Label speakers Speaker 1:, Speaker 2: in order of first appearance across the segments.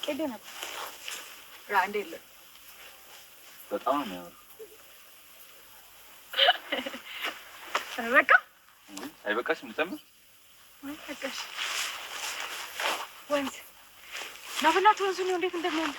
Speaker 1: አቅዴ ነበር። እንዴት ነው? በጣም ነው የሚያምረው። በቃ
Speaker 2: አይበቃሽም? ልጨምር?
Speaker 1: ወንዝ ናፍናት ወንዙ ነው እንዴት እንደሚያምር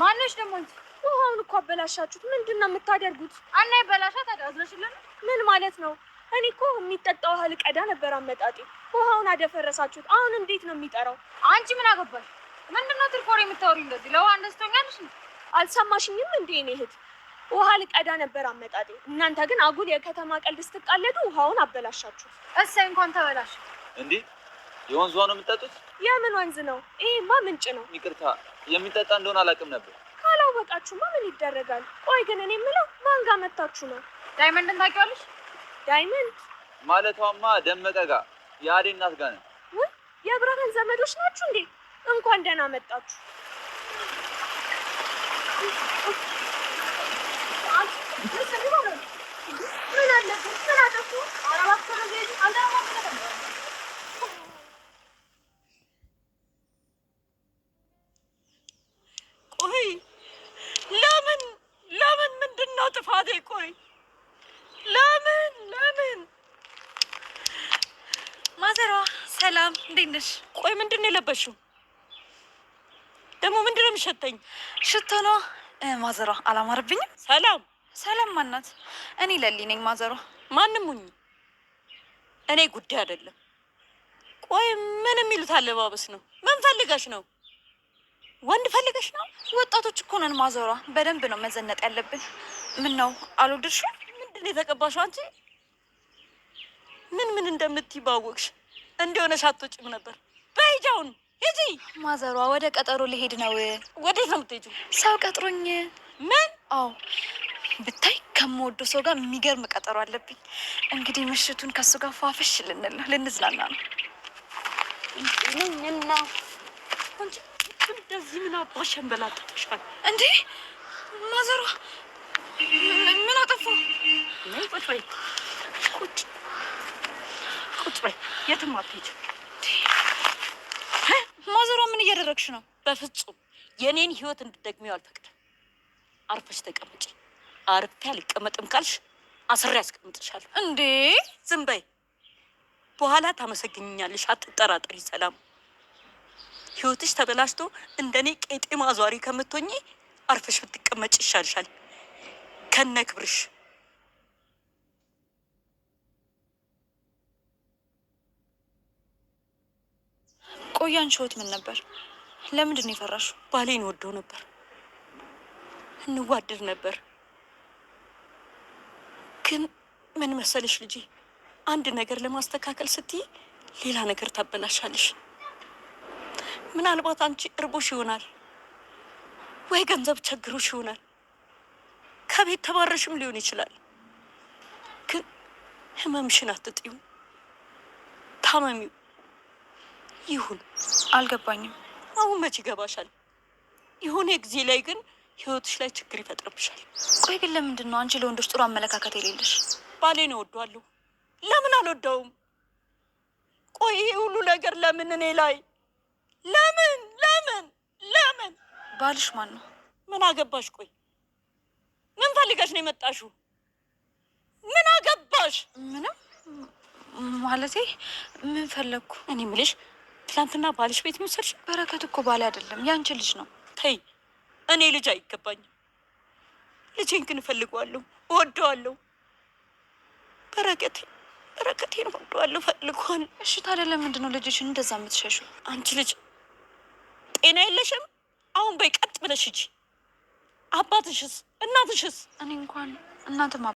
Speaker 3: ማነች ደግሞ እንጂ ውሃውን እኮ አበላሻችሁት። ምንድን ነው የምታደርጉት?
Speaker 1: አና የበላሻት አድራዝረሽልን
Speaker 3: ምን ማለት ነው? እኔ እኮ የሚጠጣ ውሃ ልቀዳ ነበር አመጣጤ። ውሃውን አደፈረሳችሁት። አሁን እንዴት ነው የሚጠራው?
Speaker 1: አንቺ ምን አገባሽ? ምንድን ነው ትርፎር የምታወሪ እንደዚህ? ለውሃ እንደስቶኛልሽ።
Speaker 3: አልሰማሽኝም እንዴ? እኔ እህት ውሃ ልቀዳ ነበር አመጣጤ። እናንተ ግን አጉል የከተማ ቀልድ ስትቃለዱ ውሃውን አበላሻችሁ።
Speaker 1: እሰይ እንኳን ተበላሽ።
Speaker 2: እንዴ የወንዝ ውሃ ነው የምጠጡት?
Speaker 3: የምን ወንዝ ነው? ይሄማ ምንጭ ነው።
Speaker 2: ይቅርታ የሚጠጣ እንደሆነ አላውቅም ነበር።
Speaker 3: ካላወቃችሁማ ምን ይደረጋል? ቆይ ግን እኔ የምለው ማን ጋር መታችሁ ነው?
Speaker 1: ዳይመንድን ታውቂዋለሽ?
Speaker 3: ዳይመንድ
Speaker 2: ማለቷማ ደመቀ ጋ የአዴ እናት ጋር ነው።
Speaker 3: የብርሃን ዘመዶች ናችሁ እንዴ? እንኳን ደህና መጣችሁ። ቆይ
Speaker 1: ለምን ለምን ጥፋቴ? ቆይ ለምን ለምን
Speaker 4: ማዘሯ ሰላም፣ እንዴት ነሽ?
Speaker 1: ቆይ ምንድን ነው የለበሽው? ደግሞ ምንድን ነው የሚሸተኝ?
Speaker 4: ሽቶ ነው ማዘሯ። አላማረብኝም። ሰላም ሰላም ማናት? እኔ ለሊ ነኝ ማዘሯ።
Speaker 1: ማንም ሁኚ እኔ ጉዳይ አይደለም። ቆይ ምን የሚሉት አለባበስ ነው? ምን ፈልገሽ ነው? ወንድ ፈልገሽ ነው?
Speaker 4: ወጣቶች እኮ ነን ማዘሯ። በደንብ ነው መዘነጥ ያለብን። ምን ነው አልወደድሽም?
Speaker 1: ምንድን ነው የተቀባሽው አንቺ? ምን ምን እንደምትይ ባወቅሽ እንደሆነሽ አትወጪም ነበር። በሂጂ ሂጂ።
Speaker 4: ማዘሯ ወደ ቀጠሮ ሊሄድ ነው።
Speaker 1: ወዴት ነው የምትሄጂው?
Speaker 4: ሰው ቀጥሮኝ። ምን? አዎ ብታይ ከምወደው ሰው ጋር የሚገርም ቀጠሮ አለብኝ። እንግዲህ ምሽቱን ከሱ ጋር ፏፍሽ ልንል ነው፣ ልንዝናና ነው።
Speaker 1: እንደዚህ ምን አባ ሸንበላጥጥሻል
Speaker 4: እንዴ? ማዘሯ ምን አጠፉ?
Speaker 1: ቁጭ በይ ቁጭ በይ፣ የትም አትሄጂም።
Speaker 4: ማዘሯ ምን እያደረግሽ ነው?
Speaker 1: በፍጹም የኔን ህይወት እንድትደግሚው አልፈቅድም። አርፈሽ ተቀምጪ። አርፌ አልቀመጥም ካልሽ አስሬ ያስቀምጥሻል። እንዴ ዝም በይ፣ በኋላ ታመሰግኛለሽ። አትጠራጠሪ ሰላም። ህይወትሽ ተበላሽቶ እንደኔ ቄጤማ ዟሪ ከምትሆኚ አርፈሽ ብትቀመጭ ይሻልሻል ከነ ክብርሽ።
Speaker 4: ቆያን አንቺ ምን ነበር? ለምንድን ነው የፈራሽው?
Speaker 1: ባሌን ወደው ነበር፣ እንዋደድ ነበር ግን ምን መሰለሽ ልጄ፣ አንድ ነገር ለማስተካከል ስትይ ሌላ ነገር ታበላሻለሽ። ምናልባት አንቺ እርቦሽ ይሆናል ወይ ገንዘብ ቸግሮሽ ይሆናል ከቤት ተባረሽም ሊሆን ይችላል። ግን ህመምሽን አትጥዩ፣ ታመሚው ይሁን። አልገባኝም። አሁን መች ይገባሻል? የሆነ ጊዜ ላይ ግን ህይወትሽ ላይ ችግር ይፈጥርብሻል።
Speaker 4: ቆይ ግን ለምንድን ነው አንቺ ለወንዶች ጥሩ አመለካከት የሌለሽ?
Speaker 1: ነው እወደዋለሁ። ለምን አልወደውም? ቆይ ይሄ ሁሉ ነገር ለምን እኔ ላይ ለምን ለምን ለምን?
Speaker 4: ባልሽ ማን ነው?
Speaker 1: ምን አገባሽ? ቆይ ምን ፈልገሽ ነው የመጣሽው? ምን አገባሽ?
Speaker 4: ምንም ማለቴ ምን ፈለግኩ
Speaker 1: እኔ ምልሽ፣ ትላንትና ባልሽ ቤት መሰልሽ?
Speaker 4: በረከት እኮ ባል አይደለም ያንቺ ልጅ ነው።
Speaker 1: ተይ እኔ ልጅ አይገባኝም። ልጄን ግን እፈልገዋለሁ፣ እወደዋለሁ። በረከቴ በረከቴን እወደዋለሁ፣ እፈልገዋለሁ።
Speaker 4: እሺ ታዲያ ለምንድን ነው ልጆችን እንደዛ የምትሸሹ?
Speaker 1: አንቺ ልጅ ጤና የለሽም። አሁን በይ ቀጥ ብለሽ ሂጂ። አባትሽስ እናትሽስ?
Speaker 4: እኔ እንኳን እናትም